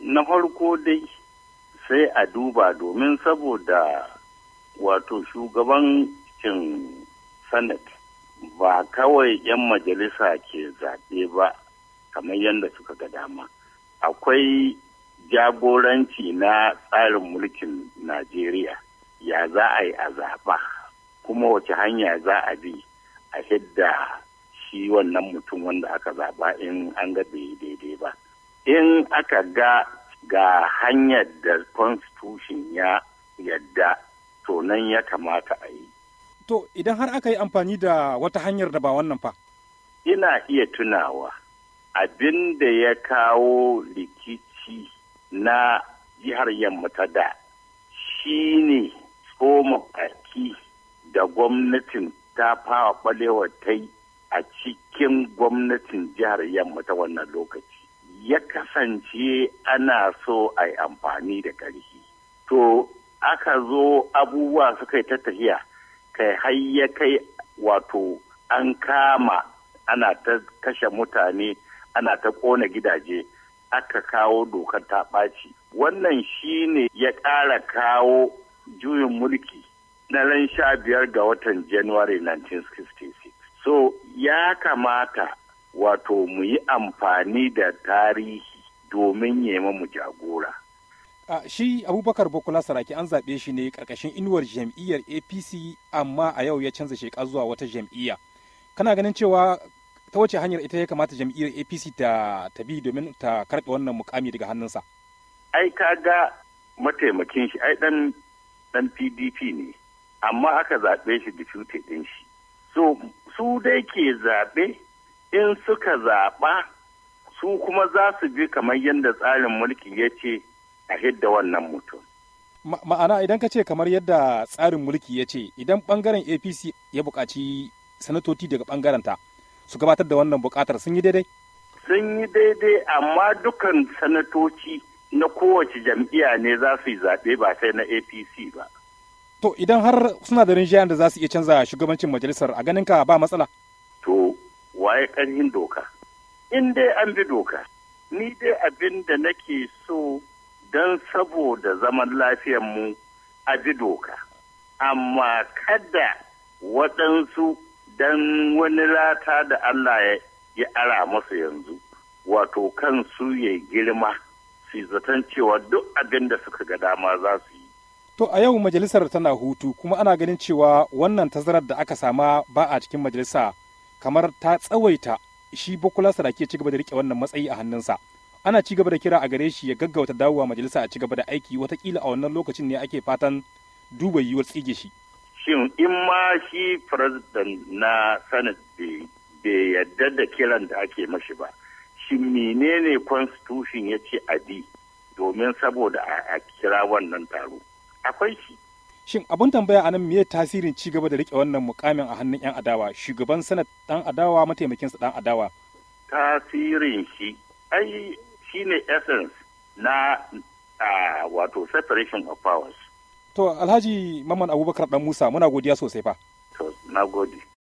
na farko dai sai a duba domin saboda wato shugabancin senate ba kawai 'yan majalisa ke zaɓe ba kamar yadda suka ga dama akwai jagoranci na tsarin mulkin najeriya ya za a yi a zaɓa kuma wace hanya za a bi a hidda shi wannan mutum wanda aka zaɓa in an ga daidai ba in aka ga ga hanyar da constitution ya yadda to nan ya kamata a yi. To idan har aka yi amfani da wata hanyar da ba wannan fa? Ina iya tunawa abin da ya kawo rikici na jihar yamma ta da shi ne tsoma baki da gwamnatin ta fawa balewa ta yi a cikin gwamnatin jihar yamma ta wannan lokaci. ya kasance ana so a yi amfani da ƙarfi to aka zo abubuwa suka yi ta tafiya kai har ya kai wato an kama ana ta kashe mutane ana ta ƙona gidaje aka kawo dokar ta ɓaci wannan shi ne ya ƙara kawo juyin mulki na ran sha biyar ga watan january 1966 so ya kamata wato mu yi amfani da tarihi domin yema mu jagora. a shi abubakar bukula saraki an zaɓe shi ne ƙarƙashin inuwar jam'iyyar apc amma a yau ya canza sheka zuwa wata jam'iyya kana ganin cewa ta wace hanyar ita ya kamata jam'iyyar apc ta tabi domin ta karɓe wannan mukami daga hannunsa ai ka ga mataimakin shi ai ɗan dan pdp ne amma aka zaɓe shi da ɗin shi so su dai ke zaɓe in suka zaɓa su kuma za su bi kamar yadda tsarin mulki ya ce a hidda wannan mutum. Ma'ana idan ka ce kamar yadda tsarin mulki ya ce idan ɓangaren APC ya buƙaci sanatoci daga ɓangarenta su gabatar da wannan buƙatar sun yi daidai? Sun yi daidai amma dukan sanatoci na kowace jam'iyya ne za su yi zaɓe ba sai na APC ba. To idan har suna da rinjayen da za su iya canza shugabancin majalisar a ganin ka ba matsala? waye ƙarfin doka in dai an bi doka ni dai abin da nake so don saboda zaman mu a bi doka amma kada waɗansu don wani rata da Allah ya ara masa yanzu wato kansu ya girma su zaton cewa duk abin da suka ga dama za su yi. To a yau majalisar tana hutu kuma ana ganin cewa wannan tazarar da aka sama ba a cikin majalisa kamar ta tsawaita shi Bukola Saraki ya ci gaba da rike wannan matsayi a hannunsa. Ana ci gaba da kira a gare shi ya gaggauta dawowa majalisa a ci da aiki watakila a wannan lokacin ne ake fatan duba yiwuwar tsige shi. Shin in ma shi president na sanat bai yarda da kiran da ake mashi ba, shi menene constitution ya ce a bi domin saboda a kira wannan taro? Akwai shi. Shin abun tambaya a nan me tasirin ci gaba da rike wannan mukamin a hannun 'yan adawa shugaban sanat dan adawa sa dan adawa. Tasirin shi ai shi essence na uh, wato separation of powers. To Alhaji mamman Abubakar Dan Musa muna godiya sosai fa. To na gode.